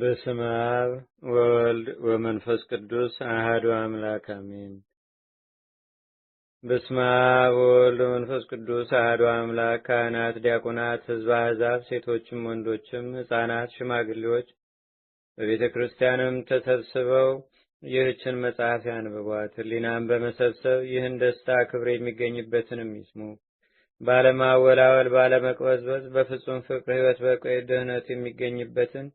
በስመ አብ ወወልድ ወመንፈስ ቅዱስ አህዱ አምላክ አሜን። በስመ አብ ወወልድ ወመንፈስ ቅዱስ አህዱ አምላክ። ካህናት፣ ዲያቆናት፣ ሕዝበ አሕዛብ፣ ሴቶችም ወንዶችም፣ ሕፃናት፣ ሽማግሌዎች በቤተ ክርስቲያንም ተሰብስበው ይህችን መጽሐፍ ያንብቧት። ሕሊናም በመሰብሰብ ይህን ደስታ ክብር የሚገኝበትንም ይስሙ። ባለማወላወል ባለመቅበዝበዝ በፍጹም ፍቅር ሕይወት በቀይ ድህነት የሚገኝበትን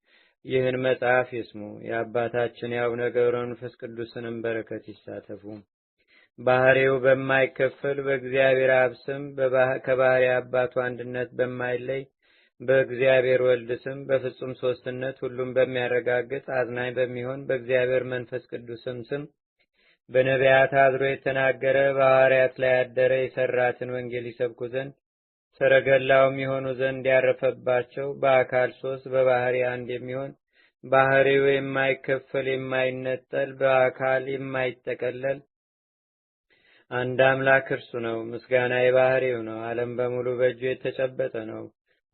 ይህን መጽሐፍ ይስሙ፣ የአባታችን የአቡነ ገብረ መንፈስ ቅዱስንም በረከት ይሳተፉ። ባህሪው በማይከፈል በእግዚአብሔር አብ ስም ከባህሪ አባቱ አንድነት በማይለይ በእግዚአብሔር ወልድ ስም በፍጹም ሶስትነት ሁሉም በሚያረጋግጥ አዝናኝ በሚሆን በእግዚአብሔር መንፈስ ቅዱስም ስም በነቢያት አድሮ የተናገረ በሐዋርያት ላይ ያደረ የሰራትን ወንጌል ይሰብኩ ዘንድ ሰረገላውም የሆኑ ዘንድ ያረፈባቸው በአካል ሶስት በባህሪ አንድ የሚሆን ባህሪው የማይከፈል የማይነጠል በአካል የማይጠቀለል አንድ አምላክ እርሱ ነው። ምስጋና የባህሪው ነው። አለም በሙሉ በእጁ የተጨበጠ ነው።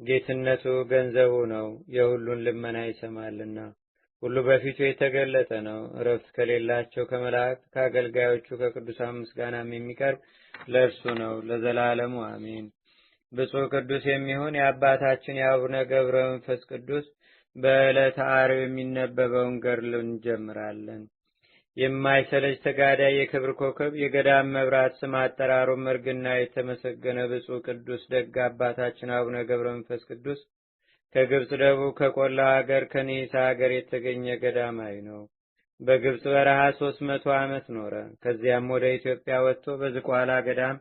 ጌትነቱ ገንዘቡ ነው። የሁሉን ልመና ይሰማልና ሁሉ በፊቱ የተገለጠ ነው። እረፍት ከሌላቸው ከመላእክት ከአገልጋዮቹ ከቅዱሳን ምስጋናም የሚቀርብ ለእርሱ ነው ለዘላለሙ አሜን። ብፁዕ ቅዱስ የሚሆን የአባታችን የአቡነ ገብረ መንፈስ ቅዱስ በዕለተ አርብ የሚነበበውን ገድል እንጀምራለን። የማይሰለች ተጋዳይ የክብር ኮከብ የገዳም መብራት ስም አጠራሩ መርግና የተመሰገነ ብፁ ቅዱስ ደግ አባታችን አቡነ ገብረ መንፈስ ቅዱስ ከግብፅ ደቡብ ከቆላ አገር ከኒሳ አገር የተገኘ ገዳማዊ ነው። በግብፅ በረሃ ሶስት መቶ ዓመት ኖረ። ከዚያም ወደ ኢትዮጵያ ወጥቶ በዝቋላ ገዳም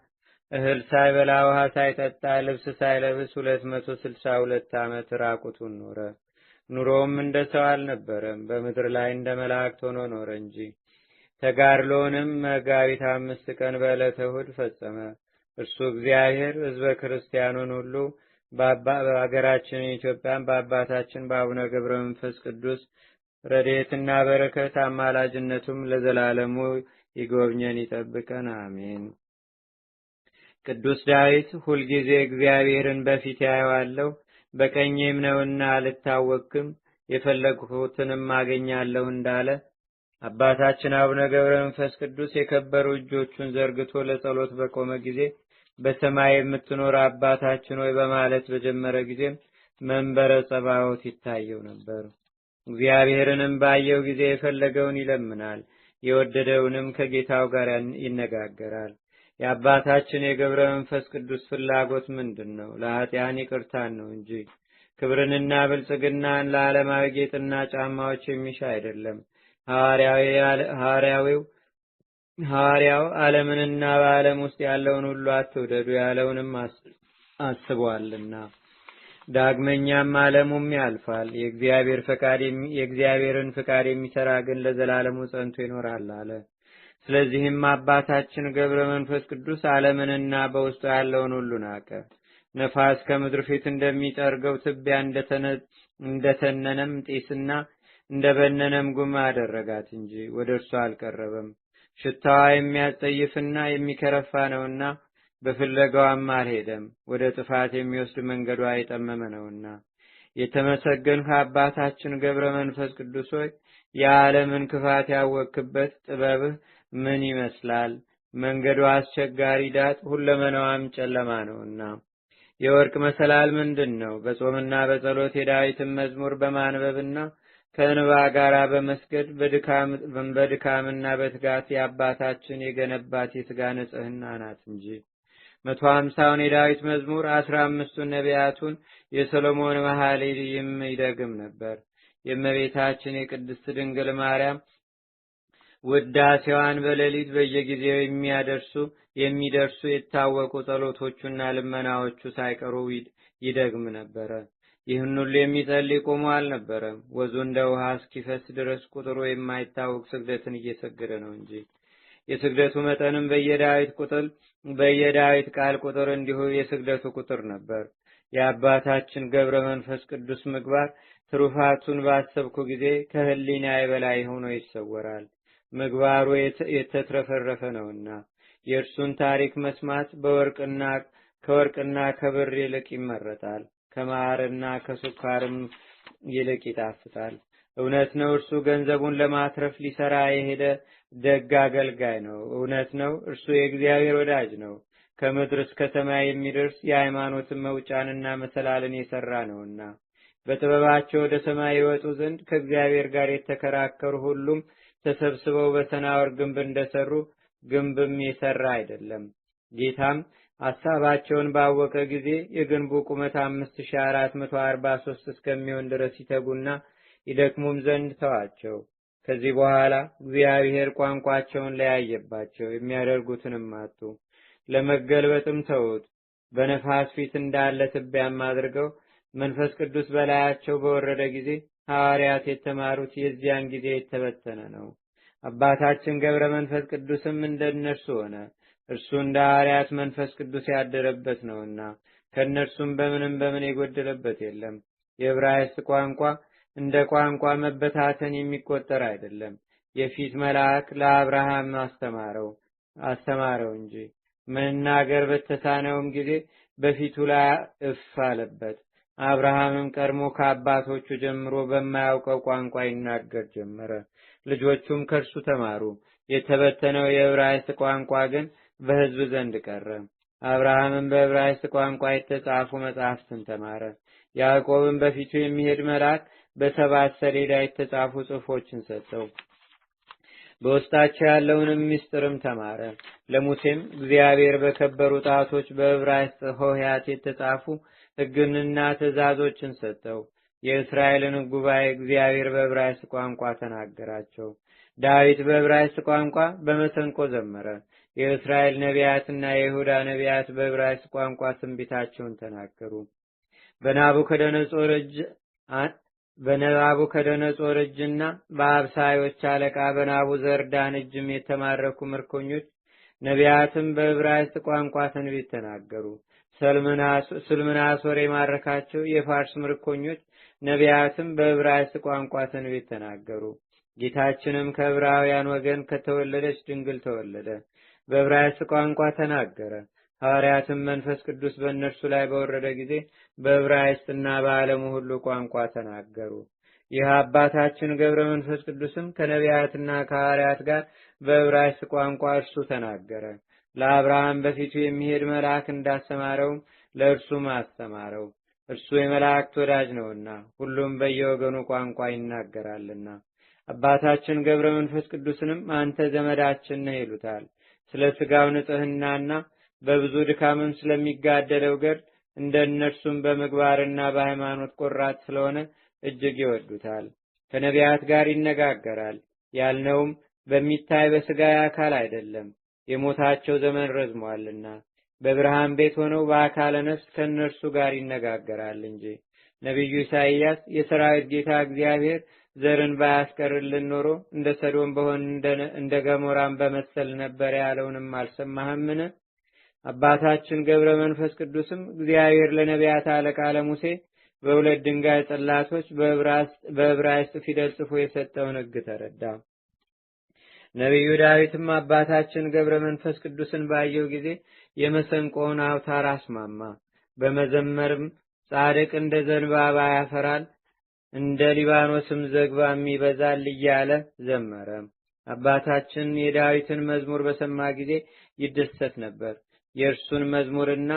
እህል ሳይበላ ውሃ ሳይጠጣ ልብስ ሳይለብስ ሁለት መቶ ስልሳ ሁለት ዓመት ራቁቱን ኖረ። ኑሮውም እንደ ሰው አልነበረም፣ በምድር ላይ እንደ መላእክት ሆኖ ኖረ እንጂ። ተጋድሎንም መጋቢት አምስት ቀን በዕለተ እሁድ ፈጸመ። እርሱ እግዚአብሔር ህዝበ ክርስቲያኑን ሁሉ በሀገራችን ኢትዮጵያን በአባታችን በአቡነ ገብረ መንፈስ ቅዱስ ረድኤትና በረከት አማላጅነቱም ለዘላለሙ ይጎብኘን ይጠብቀን፣ አሜን። ቅዱስ ዳዊት ሁልጊዜ እግዚአብሔርን በፊት ያየዋለሁ፣ በቀኜም ነውና አልታወክም፣ የፈለግሁትንም አገኛለሁ እንዳለ አባታችን አቡነ ገብረ መንፈስ ቅዱስ የከበሩ እጆቹን ዘርግቶ ለጸሎት በቆመ ጊዜ በሰማይ የምትኖር አባታችን ሆይ በማለት በጀመረ ጊዜም መንበረ ጸባዎት ይታየው ነበር። እግዚአብሔርንም ባየው ጊዜ የፈለገውን ይለምናል፣ የወደደውንም ከጌታው ጋር ይነጋገራል። የአባታችን የገብረ መንፈስ ቅዱስ ፍላጎት ምንድን ነው? ለኃጢያን ይቅርታን ነው እንጂ ክብርንና ብልጽግናን ለዓለማዊ ጌጥና ጫማዎች የሚሻ አይደለም። ሐዋርያዊው ሐዋርያው ዓለምንና በዓለም ውስጥ ያለውን ሁሉ አትውደዱ ያለውንም አስቧልና ዳግመኛም ዓለሙም ያልፋል። የእግዚአብሔርን ፍቃድ የሚሰራ ግን ለዘላለሙ ጸንቶ ይኖራል አለ። ስለዚህም አባታችን ገብረ መንፈስ ቅዱስ ዓለምንና በውስጡ ያለውን ሁሉ ናቀ ነፋስ ከምድር ፊት እንደሚጠርገው ትቢያ እንደተነነም ጢስና እንደ በነነም ጉማ አደረጋት እንጂ ወደ እርሱ አልቀረበም። ሽታዋ የሚያጸይፍና የሚከረፋ ነውና በፍለጋዋም አልሄደም። ወደ ጥፋት የሚወስድ መንገዷ የጠመመ ነውና የተመሰገንህ አባታችን ገብረ መንፈስ ቅዱሶች የዓለምን ክፋት ያወክበት ጥበብህ ምን ይመስላል? መንገዱ አስቸጋሪ ዳጥ፣ ሁለመናዋም ጨለማ ነውና። የወርቅ መሰላል ምንድን ነው? በጾምና በጸሎት የዳዊትን መዝሙር በማንበብና ከንባ ጋር በመስገድ በድካምና በትጋት የአባታችን የገነባት የትጋ ንጽህና ናት እንጂ መቶ ሀምሳውን የዳዊት መዝሙር አስራ አምስቱን ነቢያቱን የሰሎሞን መሐሌ ይም ይደግም ነበር። የእመቤታችን የቅድስት ድንግል ማርያም ውዳሴዋን በሌሊት በየጊዜው የሚያደርሱ የሚደርሱ የታወቁ ጸሎቶቹና ልመናዎቹ ሳይቀሩ ይደግም ነበረ። ይህን ሁሉ የሚጸል ቆሞ አልነበረም። ወዙ እንደ ውሃ እስኪፈስ ድረስ ቁጥሩ የማይታወቅ ስግደትን እየሰገደ ነው እንጂ። የስግደቱ መጠንም በየዳዊት ቁጥር በየዳዊት ቃል ቁጥር እንዲሁ የስግደቱ ቁጥር ነበር። የአባታችን ገብረ መንፈስ ቅዱስ ምግባር ትሩፋቱን ባሰብኩ ጊዜ ከህሊናዬ በላይ ሆኖ ይሰወራል። ምግባሩ የተትረፈረፈ ነውና የእርሱን ታሪክ መስማት በወርቅና ከወርቅና ከብር ይልቅ ይመረጣል፣ ከማርና ከሱካርም ይልቅ ይጣፍጣል። እውነት ነው፣ እርሱ ገንዘቡን ለማትረፍ ሊሰራ የሄደ ደግ አገልጋይ ነው። እውነት ነው፣ እርሱ የእግዚአብሔር ወዳጅ ነው። ከምድር እስከ ሰማይ የሚደርስ የሃይማኖትን መውጫንና መሰላልን የሰራ ነውና በጥበባቸው ወደ ሰማይ ይወጡ ዘንድ ከእግዚአብሔር ጋር የተከራከሩ ሁሉም ተሰብስበው በሰናወር ግንብ እንደሰሩ ግንብም የሰራ አይደለም። ጌታም ሐሳባቸውን ባወቀ ጊዜ የግንቡ ቁመት አምስት ሺ አራት መቶ አርባ ሶስት እስከሚሆን ድረስ ይተጉና ይደክሙም ዘንድ ተዋቸው። ከዚህ በኋላ እግዚአብሔር ቋንቋቸውን ለያየባቸው፣ የሚያደርጉትንም አጡ። ለመገልበጥም ተውት በነፋስ ፊት እንዳለ ትቢያም አድርገው መንፈስ ቅዱስ በላያቸው በወረደ ጊዜ ሐዋርያት የተማሩት የዚያን ጊዜ የተበተነ ነው። አባታችን ገብረ መንፈስ ቅዱስም እንደ እነርሱ ሆነ። እርሱ እንደ ሐዋርያት መንፈስ ቅዱስ ያደረበት ነውና ከእነርሱም በምንም በምን የጎደለበት የለም። የዕብራይስጥ ቋንቋ እንደ ቋንቋ መበታተን የሚቆጠር አይደለም። የፊት መልአክ ለአብርሃም አስተማረው አስተማረው እንጂ መናገር በተሳነውም ጊዜ በፊቱ ላይ እፍ አለበት። አብርሃምም ቀድሞ ከአባቶቹ ጀምሮ በማያውቀው ቋንቋ ይናገር ጀመረ። ልጆቹም ከእርሱ ተማሩ። የተበተነው የዕብራይስጥ ቋንቋ ግን በሕዝብ ዘንድ ቀረ። አብርሃምም በዕብራይስጥ ቋንቋ የተጻፉ መጻሕፍትን ተማረ። ያዕቆብም በፊቱ የሚሄድ መልአክ በሰባት ሰሌዳ የተጻፉ ጽሑፎችን ሰጠው። በውስጣቸው ያለውንም ምስጢርም ተማረ። ለሙሴም እግዚአብሔር በከበሩ ጣቶች በዕብራይስጥ ሆሄያት የተጻፉ ሕግንና ትእዛዞችን ሰጠው። የእስራኤልን ጉባኤ እግዚአብሔር በዕብራይስጥ ቋንቋ ተናገራቸው። ዳዊት በዕብራይስጥ ቋንቋ በመሰንቆ ዘመረ። የእስራኤል ነቢያትና የይሁዳ ነቢያት በዕብራይስጥ ቋንቋ ትንቢታቸውን ተናገሩ። በናቡከደነጾር እጅና በአብሳዮች አለቃ በናቡዘርዳን እጅም የተማረኩ ምርኮኞች ነቢያትም በዕብራይስጥ ቋንቋ ትንቢት ተናገሩ። ስልምናሶር የማረካቸው የፋርስ ምርኮኞች ነቢያትም በዕብራይስጥ ቋንቋ ትንቢት ተናገሩ። ጌታችንም ከዕብራውያን ወገን ከተወለደች ድንግል ተወለደ፣ በዕብራይስጥ ቋንቋ ተናገረ። ሐዋርያትም መንፈስ ቅዱስ በእነርሱ ላይ በወረደ ጊዜ በዕብራይስጥና በዓለሙ ሁሉ ቋንቋ ተናገሩ። ይህ አባታችን ገብረ መንፈስ ቅዱስም ከነቢያትና ከሐዋርያት ጋር በዕብራይስጥ ቋንቋ እርሱ ተናገረ። ለአብርሃም በፊቱ የሚሄድ መልአክ እንዳስተማረው ለእርሱም አስተማረው። እርሱ የመላእክት ወዳጅ ነውና ሁሉም በየወገኑ ቋንቋ ይናገራልና። አባታችን ገብረ መንፈስ ቅዱስንም አንተ ዘመዳችን ነህ ይሉታል። ስለ ስጋው ንጽህናና በብዙ ድካምም ስለሚጋደለው ገድል እንደ እነርሱም በምግባርና በሃይማኖት ቆራጥ ስለሆነ እጅግ ይወዱታል። ከነቢያት ጋር ይነጋገራል። ያልነውም በሚታይ በስጋ አካል አይደለም የሞታቸው ዘመን ረዝሟልና በብርሃን ቤት ሆነው በአካለ ነፍስ ከእነርሱ ጋር ይነጋገራል እንጂ። ነቢዩ ኢሳይያስ የሰራዊት ጌታ እግዚአብሔር ዘርን ባያስቀርልን ኖሮ እንደ ሰዶም በሆን እንደ ገሞራን በመሰል ነበር ያለውንም አልሰማህምን? አባታችን ገብረ መንፈስ ቅዱስም እግዚአብሔር ለነቢያት አለቃ ለሙሴ በሁለት ድንጋይ ጽላቶች በዕብራይስጥ ፊደል ጽፎ የሰጠውን ሕግ ተረዳ። ነቢዩ ዳዊትም አባታችን ገብረ መንፈስ ቅዱስን ባየው ጊዜ የመሰንቆውን አውታር አስማማ። በመዘመርም ጻድቅ እንደ ዘንባባ ያፈራል፣ እንደ ሊባኖስም ዘግባም ይበዛል እያለ ዘመረ። አባታችን የዳዊትን መዝሙር በሰማ ጊዜ ይደሰት ነበር። የእርሱን መዝሙርና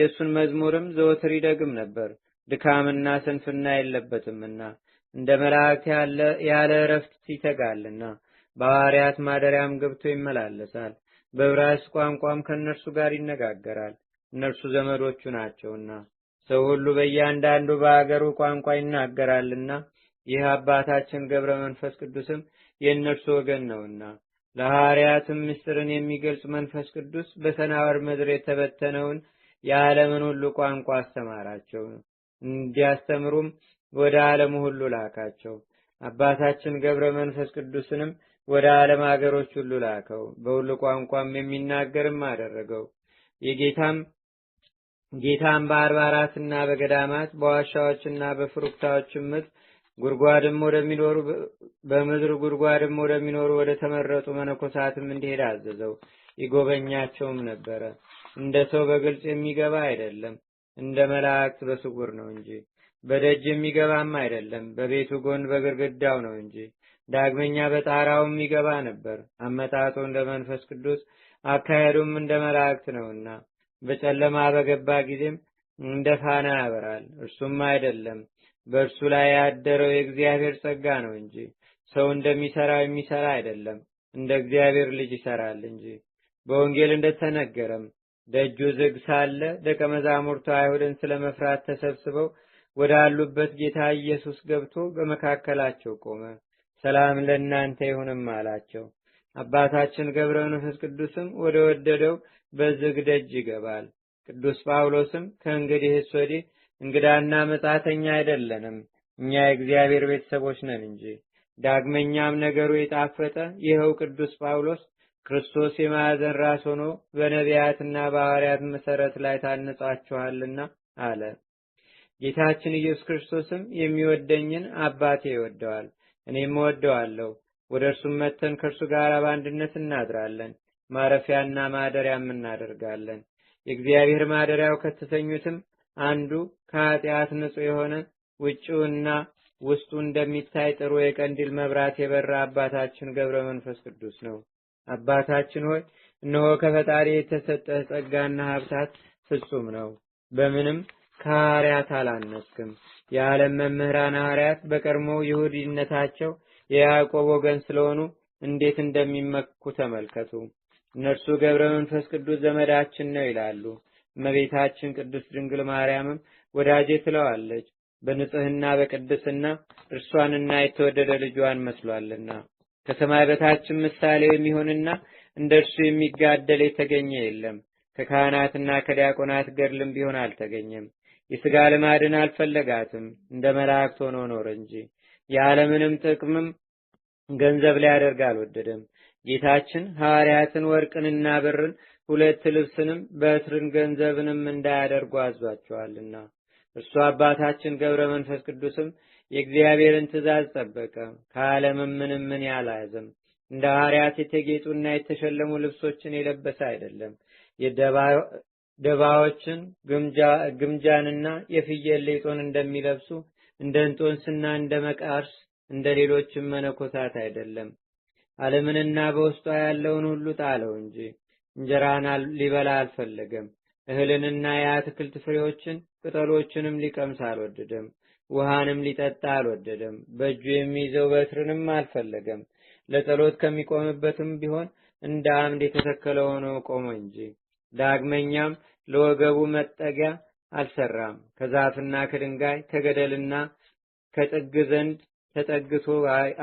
የእሱን መዝሙርም ዘወትር ይደግም ነበር፣ ድካምና ስንፍና የለበትምና እንደ መላእክት ያለ እረፍት ይተጋልና። በሐዋርያት ማደሪያም ገብቶ ይመላለሳል፣ በዕብራይስጥ ቋንቋም ከእነርሱ ጋር ይነጋገራል፣ እነርሱ ዘመዶቹ ናቸውና። ሰው ሁሉ በእያንዳንዱ በአገሩ ቋንቋ ይናገራልና፣ ይህ አባታችን ገብረ መንፈስ ቅዱስም የእነርሱ ወገን ነውና። ለሐዋርያትም ምስጢርን የሚገልጽ መንፈስ ቅዱስ በሰናወር ምድር የተበተነውን የዓለምን ሁሉ ቋንቋ አስተማራቸው። እንዲያስተምሩም ወደ ዓለሙ ሁሉ ላካቸው። አባታችን ገብረ መንፈስ ቅዱስንም ወደ ዓለም አገሮች ሁሉ ላከው፣ በሁሉ ቋንቋም የሚናገርም አደረገው። የጌታም ጌታም በአርባራትና በገዳማት በዋሻዎችና በፍሩክታዎች ምት ጉድጓድም ወደሚኖሩ በምድር ጉርጓድም ወደሚኖሩ ወደ ተመረጡ መነኮሳትም እንዲሄድ አዘዘው። ይጎበኛቸውም ነበረ። እንደ ሰው በግልጽ የሚገባ አይደለም፣ እንደ መላእክት በስጉር ነው እንጂ። በደጅ የሚገባም አይደለም፣ በቤቱ ጎን በግርግዳው ነው እንጂ። ዳግመኛ በጣራውም ይገባ ነበር። አመጣጡ እንደ መንፈስ ቅዱስ አካሄዱም እንደ መላእክት ነውና በጨለማ በገባ ጊዜም እንደ ፋና ያበራል። እርሱም አይደለም በእርሱ ላይ ያደረው የእግዚአብሔር ጸጋ ነው እንጂ ሰው እንደሚሰራው የሚሰራ አይደለም፣ እንደ እግዚአብሔር ልጅ ይሰራል እንጂ። በወንጌል እንደተነገረም ደጁ ዝግ ሳለ ደቀ መዛሙርቱ አይሁድን ስለ መፍራት ተሰብስበው ወዳሉበት ጌታ ኢየሱስ ገብቶ በመካከላቸው ቆመ። ሰላም ለእናንተ ይሁንም አላቸው። አባታችን ገብረ መንፈስ ቅዱስም ወደ ወደደው በዝግ ደጅ ይገባል። ቅዱስ ጳውሎስም ከእንግዲህ ወዲህ እንግዳና መጻተኛ አይደለንም፣ እኛ የእግዚአብሔር ቤተሰቦች ነን እንጂ። ዳግመኛም ነገሩ የጣፈጠ ይኸው ቅዱስ ጳውሎስ ክርስቶስ የማዕዘን ራስ ሆኖ በነቢያትና ባህርያት መሠረት ላይ ታነጻችኋልና አለ። ጌታችን ኢየሱስ ክርስቶስም የሚወደኝን አባቴ ይወደዋል እኔም እወደዋለሁ። ወደ እርሱም መተን ከእርሱ ጋር በአንድነት እናድራለን፣ ማረፊያና ማደሪያም እናደርጋለን። የእግዚአብሔር ማደሪያው ከተሰኙትም አንዱ ከኃጢአት ንጹሕ የሆነ ውጭውና ውስጡ እንደሚታይ ጥሩ የቀንዲል መብራት የበራ አባታችን ገብረ መንፈስ ቅዱስ ነው። አባታችን ሆይ እነሆ ከፈጣሪ የተሰጠህ ጸጋና ሀብታት ፍጹም ነው። በምንም ከሐዋርያት አላነስክም። የዓለም መምህራን ሐዋርያት በቀድሞ ይሁዲነታቸው የያዕቆብ ወገን ስለሆኑ እንዴት እንደሚመኩ ተመልከቱ። እነርሱ ገብረ መንፈስ ቅዱስ ዘመዳችን ነው ይላሉ። እመቤታችን ቅድስት ድንግል ማርያምም ወዳጄ ትለዋለች፣ በንጽህና በቅድስና እርሷንና የተወደደ ልጇን መስሏልና ከሰማይ በታችን ምሳሌ የሚሆንና እንደ እርሱ የሚጋደል የተገኘ የለም። ከካህናትና ከዲያቆናት ገድልም ቢሆን አልተገኘም። የሥጋ ልማድን አልፈለጋትም፣ እንደ መላእክት ሆኖ ኖር እንጂ የዓለምንም ጥቅምም ገንዘብ ሊያደርግ አልወደደም። ጌታችን ሐዋርያትን ወርቅንና ብርን ሁለት ልብስንም በትርን ገንዘብንም እንዳያደርጉ አዟቸዋልና እርሱ አባታችን ገብረ መንፈስ ቅዱስም የእግዚአብሔርን ትእዛዝ ጠበቀ፣ ከዓለምም ምንም ምን ያላያዘም። እንደ ሐዋርያት የተጌጡና የተሸለሙ ልብሶችን የለበሰ አይደለም። ደባዎችን ግምጃንና የፍየል ሌጦን እንደሚለብሱ እንደ እንጦንስና እንደ መቃርስ እንደ ሌሎችም መነኮሳት አይደለም። አለምንና በውስጧ ያለውን ሁሉ ጣለው እንጂ እንጀራን ሊበላ አልፈለገም። እህልንና የአትክልት ፍሬዎችን ቅጠሎችንም ሊቀምስ አልወደደም። ውሃንም ሊጠጣ አልወደደም። በእጁ የሚይዘው በትርንም አልፈለገም። ለጸሎት ከሚቆምበትም ቢሆን እንደ አምድ የተተከለ ሆኖ ቆመ እንጂ ዳግመኛም ለወገቡ መጠጊያ አልሰራም። ከዛፍና ከድንጋይ ከገደልና ከጥግ ዘንድ ተጠግቶ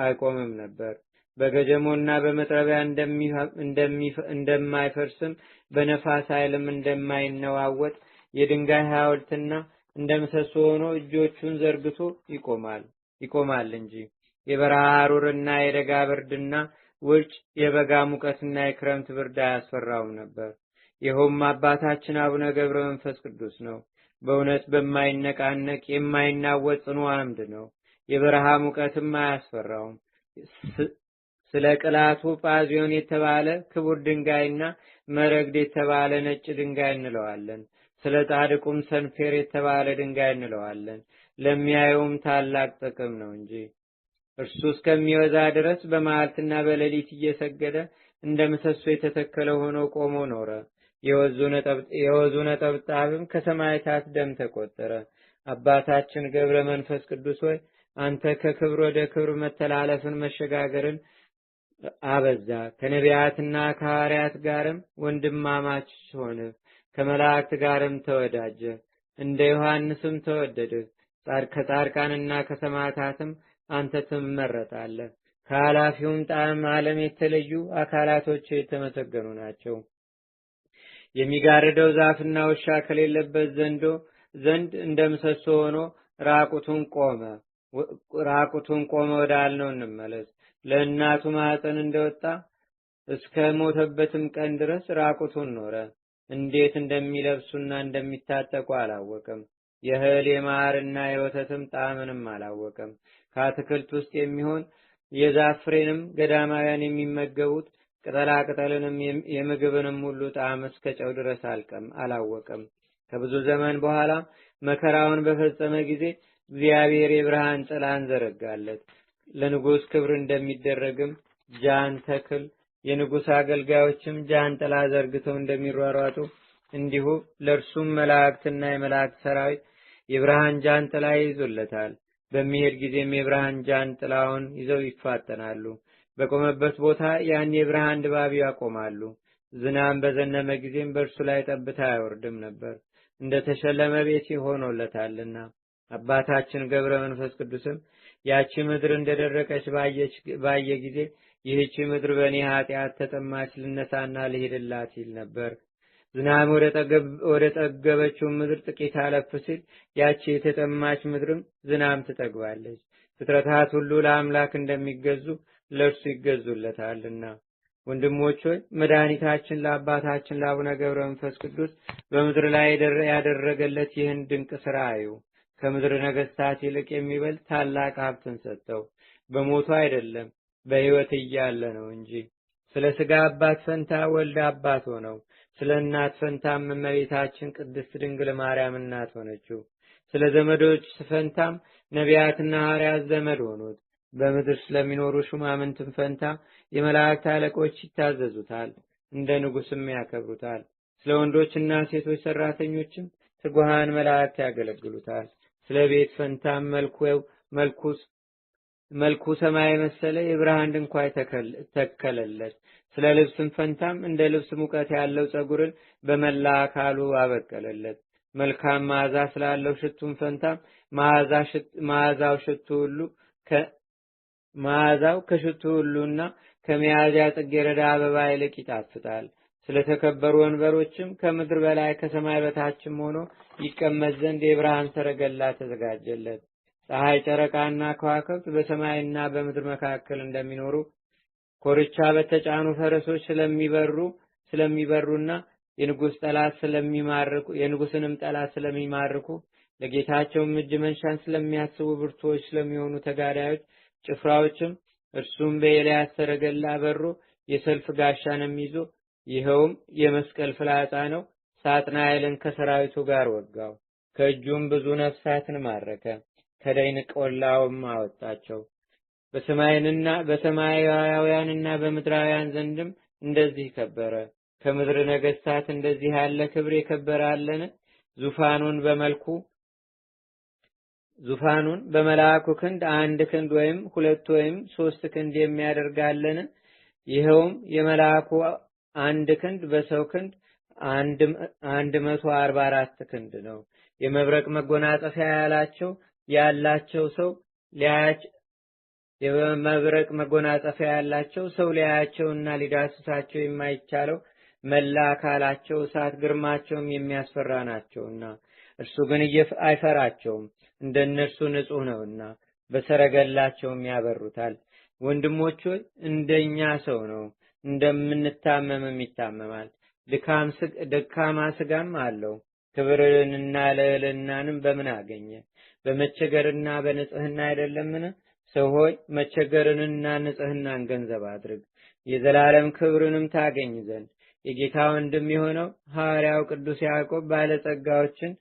አይቆምም ነበር። በገጀሞና በመጥረቢያ እንደማይፈርስም በነፋስ ኃይልም እንደማይነዋወጥ የድንጋይ ሐውልትና እንደ ምሰሶ ሆኖ እጆቹን ዘርግቶ ይቆማል ይቆማል እንጂ የበረሃ አሩርና የደጋ ብርድና ውርጭ የበጋ ሙቀትና የክረምት ብርድ አያስፈራውም ነበር። ይኸውም አባታችን አቡነ ገብረ መንፈስ ቅዱስ ነው። በእውነት በማይነቃነቅ የማይናወጥ ጽኑ አምድ ነው። የበረሃ ሙቀትም አያስፈራውም። ስለ ቅላቱ ጳዚዮን የተባለ ክቡር ድንጋይና መረግድ የተባለ ነጭ ድንጋይ እንለዋለን። ስለ ጻድቁም ሰንፌር የተባለ ድንጋይ እንለዋለን። ለሚያየውም ታላቅ ጥቅም ነው እንጂ እርሱ እስከሚወዛ ድረስ በመዓልትና በሌሊት እየሰገደ እንደ ምሰሶ የተተከለ ሆኖ ቆሞ ኖረ። የወዙ ነጠብጣብም ከሰማይታት ደም ተቆጠረ። አባታችን ገብረ መንፈስ ቅዱስ ሆይ አንተ ከክብር ወደ ክብር መተላለፍን መሸጋገርን አበዛ። ከነቢያትና ከሐዋርያት ጋርም ወንድማማች ሆነ። ከመላእክት ጋርም ተወዳጀ። እንደ ዮሐንስም ተወደደ። ከጻድቃንና ከሰማዕታትም አንተ ትመረጣለህ። ከኃላፊውም ጣዕም ዓለም የተለዩ አካላቶች የተመሰገኑ ናቸው። የሚጋርደው ዛፍና ውሻ ከሌለበት ዘንዶ ዘንድ እንደ ምሰሶ ሆኖ ራቁቱን ቆመ። ራቁቱን ቆመ ወዳልነው እንመለስ። ለእናቱ ማዕፀን እንደወጣ እስከ ሞተበትም ቀን ድረስ ራቁቱን ኖረ። እንዴት እንደሚለብሱና እንደሚታጠቁ አላወቅም። የእህል የማርና የወተትም ጣዕምንም አላወቅም። ከአትክልት ውስጥ የሚሆን የዛፍ ፍሬንም ገዳማውያን የሚመገቡት ቅጠላ ቅጠልንም የምግብንም ሁሉ ጣዕም እስከ ጨው ድረስ አልቀም አላወቀም። ከብዙ ዘመን በኋላ መከራውን በፈጸመ ጊዜ እግዚአብሔር የብርሃን ጥላን ዘረጋለት። ለንጉሥ ክብር እንደሚደረግም ጃን ተክል የንጉሥ አገልጋዮችም ጃን ጥላ ዘርግተው እንደሚሯሯጡ እንዲሁ ለእርሱም መላእክትና የመላእክት ሰራዊት የብርሃን ጃን ጥላ ይዞለታል በሚሄድ ጊዜም የብርሃን ጃን ጥላውን ይዘው ይፋጠናሉ። በቆመበት ቦታ ያን የብርሃን ድባብ ያቆማሉ። ዝናም በዘነመ ጊዜም በእርሱ ላይ ጠብታ አይወርድም ነበር፣ እንደተሸለመ ቤት ይሆኖለታልና። አባታችን ገብረ መንፈስ ቅዱስም ያቺ ምድር እንደደረቀች ባየ ጊዜ ይህቺ ምድር በእኔ ኃጢአት ተጠማች፣ ልነሳና ልሄድላት ይል ነበር። ዝናም ወደ ጠገበችው ምድር ጥቂት አለፍ ሲል ያቺ የተጠማች ምድርም ዝናም ትጠግባለች። ፍጥረታት ሁሉ ለአምላክ እንደሚገዙ ለእርሱ ይገዙለታልና። ወንድሞች ሆይ መድኃኒታችን ለአባታችን ለአቡነ ገብረ መንፈስ ቅዱስ በምድር ላይ ያደረገለት ይህን ድንቅ ሥራ አዩ። ከምድር ነገሥታት ይልቅ የሚበልጥ ታላቅ ሀብትን ሰጠው። በሞቱ አይደለም በሕይወት እያለ ነው እንጂ። ስለ ሥጋ አባት ፈንታ ወልድ አባት ሆነው፣ ስለ እናት ፈንታም እመቤታችን ቅድስት ድንግል ማርያም እናት ሆነችው። ስለ ዘመዶች ፈንታም ነቢያትና ሐዋርያት ዘመድ ሆኑት። በምድር ስለሚኖሩ ሹማምንትን ፈንታ የመላእክት አለቆች ይታዘዙታል፣ እንደ ንጉስም ያከብሩታል። ስለ ወንዶችና ሴቶች ሰራተኞችም ትጉሃን መላእክት ያገለግሉታል። ስለ ቤት ፈንታም መልኩ ሰማይ መሰለ የብርሃን ድንኳይ ተከለለች። ስለ ልብስም ፈንታም እንደ ልብስ ሙቀት ያለው ጸጉርን በመላ አካሉ አበቀለለት። መልካም ማዛ ስላለው ሽቱን ፈንታም ማዛው ሽቱ ሁሉ መዓዛው ከሽቱ ሁሉና ከሚያዝያ ጽጌረዳ አበባ ይልቅ ይጣፍጣል። ስለተከበሩ ወንበሮችም ከምድር በላይ ከሰማይ በታችም ሆኖ ይቀመጥ ዘንድ የብርሃን ሰረገላ ተዘጋጀለት። ፀሐይ፣ ጨረቃና ከዋክብት በሰማይና በምድር መካከል እንደሚኖሩ ኮርቻ በተጫኑ ፈረሶች ስለሚበሩ ስለሚበሩና የንጉስ ጠላት ስለሚማርኩ የንጉስንም ጠላት ስለሚማርኩ ለጌታቸውም እጅ መንሻን ስለሚያስቡ ብርቱዎች ስለሚሆኑ ተጋዳዮች ጭፍራዎችም እርሱም በኤልያስ ሰረገላ በሮ የሰልፍ ጋሻንም ይዞ ይኸውም የመስቀል ፍላጻ ነው፣ ሳጥናኤልን ከሰራዊቱ ጋር ወጋው። ከእጁም ብዙ ነፍሳትን ማረከ፣ ከደይን ቆላውም አወጣቸው። በሰማይንና በሰማያውያንና በምድራውያን ዘንድም እንደዚህ ከበረ። ከምድር ነገስታት እንደዚህ ያለ ክብር የከበረ አለን? ዙፋኑን በመልኩ ዙፋኑን በመልአኩ ክንድ አንድ ክንድ ወይም ሁለት ወይም ሶስት ክንድ የሚያደርጋለን? ይኸውም የመልአኩ አንድ ክንድ በሰው ክንድ አንድ መቶ አርባ አራት ክንድ ነው። የመብረቅ መጎናጸፊያ ያላቸው ያላቸው ሰው ሊያያች የመብረቅ መጎናጸፊያ ያላቸው ሰው ሊያያቸውና ሊዳስሳቸው የማይቻለው መላ አካላቸው እሳት ግርማቸውም የሚያስፈራ ናቸውና እርሱ ግን አይፈራቸውም፣ እንደ እነርሱ ንጹሕ ነውና በሰረገላቸውም ያበሩታል። ወንድሞች ሆይ እንደኛ ሰው ነው፣ እንደምንታመምም ይታመማል፣ ደካማ ስጋም አለው። ክብርንና ልዕልናንም በምን አገኘ? በመቸገርና በንጽህና አይደለምን? ሰው ሆይ መቸገርንና ንጽህናን ገንዘብ አድርግ፣ የዘላለም ክብርንም ታገኝ ዘንድ የጌታ ወንድም የሆነው ሐዋርያው ቅዱስ ያዕቆብ ባለጸጋዎችን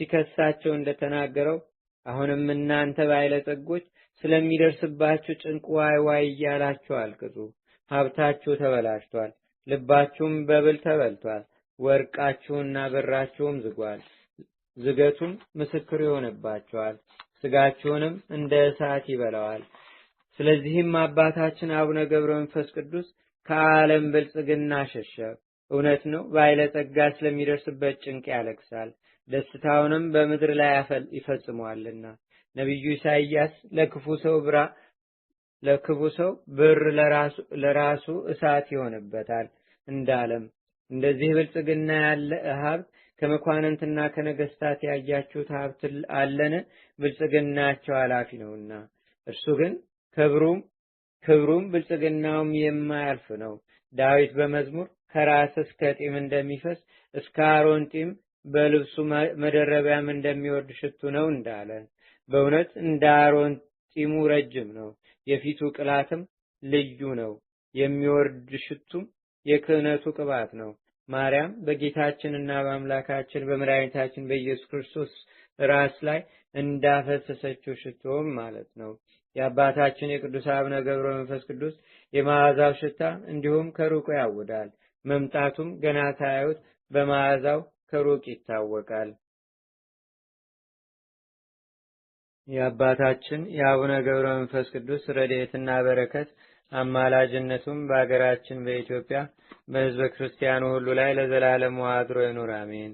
ሲከሳቸው እንደተናገረው አሁንም እናንተ ባለጸጎች ስለሚደርስባችሁ ጭንቅ ዋይ ዋይ እያላችሁ አልቅሱ። ሀብታችሁ ተበላሽቷል፣ ልባችሁም በብል ተበልቷል። ወርቃችሁና ብራችሁም ዝጓል፣ ዝገቱም ምስክር ይሆንባቸዋል ስጋችሁንም እንደ እሳት ይበላዋል። ስለዚህም አባታችን አቡነ ገብረ መንፈስ ቅዱስ ከዓለም ብልጽግና ሸሸ። እውነት ነው፣ ባለጸጋ ስለሚደርስበት ጭንቅ ያለቅሳል። ደስታውንም በምድር ላይ ይፈጽመዋልና ነቢዩ ኢሳይያስ ለክፉ ሰው ብራ ለክፉ ሰው ብር ለራሱ እሳት ይሆንበታል እንዳለም እንደዚህ ብልጽግና ያለ ሀብት ከመኳንንትና ከነገስታት ያያችሁት ሀብት አለን ብልጽግናቸው አላፊ ነውና እርሱ ግን ክብሩም ክብሩም ብልጽግናውም የማያልፍ ነው ዳዊት በመዝሙር ከራስ እስከ ጢም እንደሚፈስ እስከ አሮን ጢም በልብሱ መደረቢያም እንደሚወርድ ሽቱ ነው እንዳለ በእውነት እንደ አሮን ጢሙ ረጅም ነው፣ የፊቱ ቅላትም ልዩ ነው። የሚወርድ ሽቱም የክህነቱ ቅባት ነው። ማርያም በጌታችንና በአምላካችን በመድኃኒታችን በኢየሱስ ክርስቶስ ራስ ላይ እንዳፈሰሰችው ሽቶም ማለት ነው። የአባታችን የቅዱስ አብነ ገብረ መንፈስ ቅዱስ የመዓዛው ሽታ እንዲሁም ከሩቁ ያውዳል። መምጣቱም ገና ሳያዩት በማዕዛው ከሩቅ ይታወቃል። የአባታችን የአቡነ ገብረ መንፈስ ቅዱስ ረድኤትና በረከት አማላጅነቱም በአገራችን በኢትዮጵያ በህዝበ ክርስቲያኑ ሁሉ ላይ ለዘላለም ዋድሮ ይኑር፣ አሜን።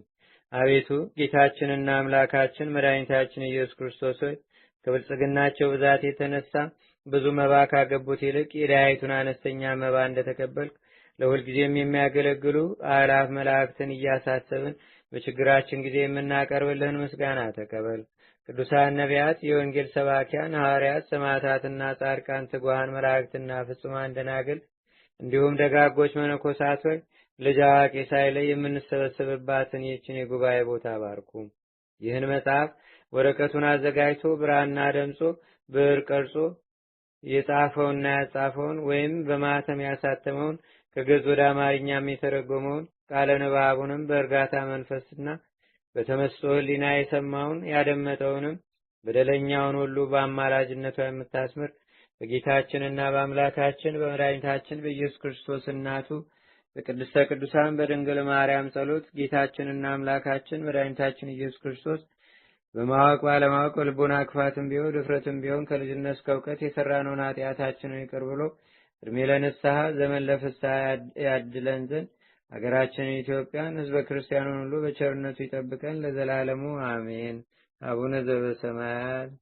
አቤቱ ጌታችንና አምላካችን መድኃኒታችን ኢየሱስ ክርስቶስ ሆይ ከብልጽግናቸው ብዛት የተነሳ ብዙ መባ ካገቡት ይልቅ የዳያይቱን አነስተኛ መባ እንደተቀበልክ ለሁልጊዜም የሚያገለግሉ አእላፍ መላእክትን እያሳሰብን በችግራችን ጊዜ የምናቀርብልህን ምስጋና ተቀበል። ቅዱሳን ነቢያት፣ የወንጌል ሰባኪያን ሐዋርያት፣ ሰማዕታትና ጻድቃን፣ ትጓሃን መላእክትና ፍጹማን ደናግል እንዲሁም ደጋጎች መነኮሳት ሆይ ልጅ አዋቂ ሳይለይ የምንሰበሰብባትን ይህችን የጉባኤ ቦታ ባርኩ። ይህን መጽሐፍ ወረቀቱን አዘጋጅቶ ብራና ደምጾ ብዕር ቀርጾ የጻፈውና ያጻፈውን ወይም በማተም ያሳተመውን ከግዕዝ ወደ አማርኛ የተረጎመውን ቃለ ንባቡንም በእርጋታ መንፈስና በተመስጦ ህሊና የሰማውን ያደመጠውንም በደለኛውን ሁሉ በአማላጅነቷ የምታስምር በጌታችንና በአምላካችን በመድኃኒታችን በኢየሱስ ክርስቶስ እናቱ በቅድስተ ቅዱሳን በድንግል ማርያም ጸሎት ጌታችንና አምላካችን መድኃኒታችን ኢየሱስ ክርስቶስ በማወቅ ባለማወቅ ልቦና ክፋትም ቢሆን ድፍረትም ቢሆን ከልጅነት እስከ እውቀት የሰራነውን ኃጢአታችንን ይቅር ብሎ እድሜ ለንስሐ ዘመን ለፍስሐ ያድለን ዘንድ ሀገራችንን ኢትዮጵያን ህዝበ ክርስቲያኑን ሁሉ በቸርነቱ ይጠብቀን ለዘላለሙ አሜን። አቡነ ዘበሰማያት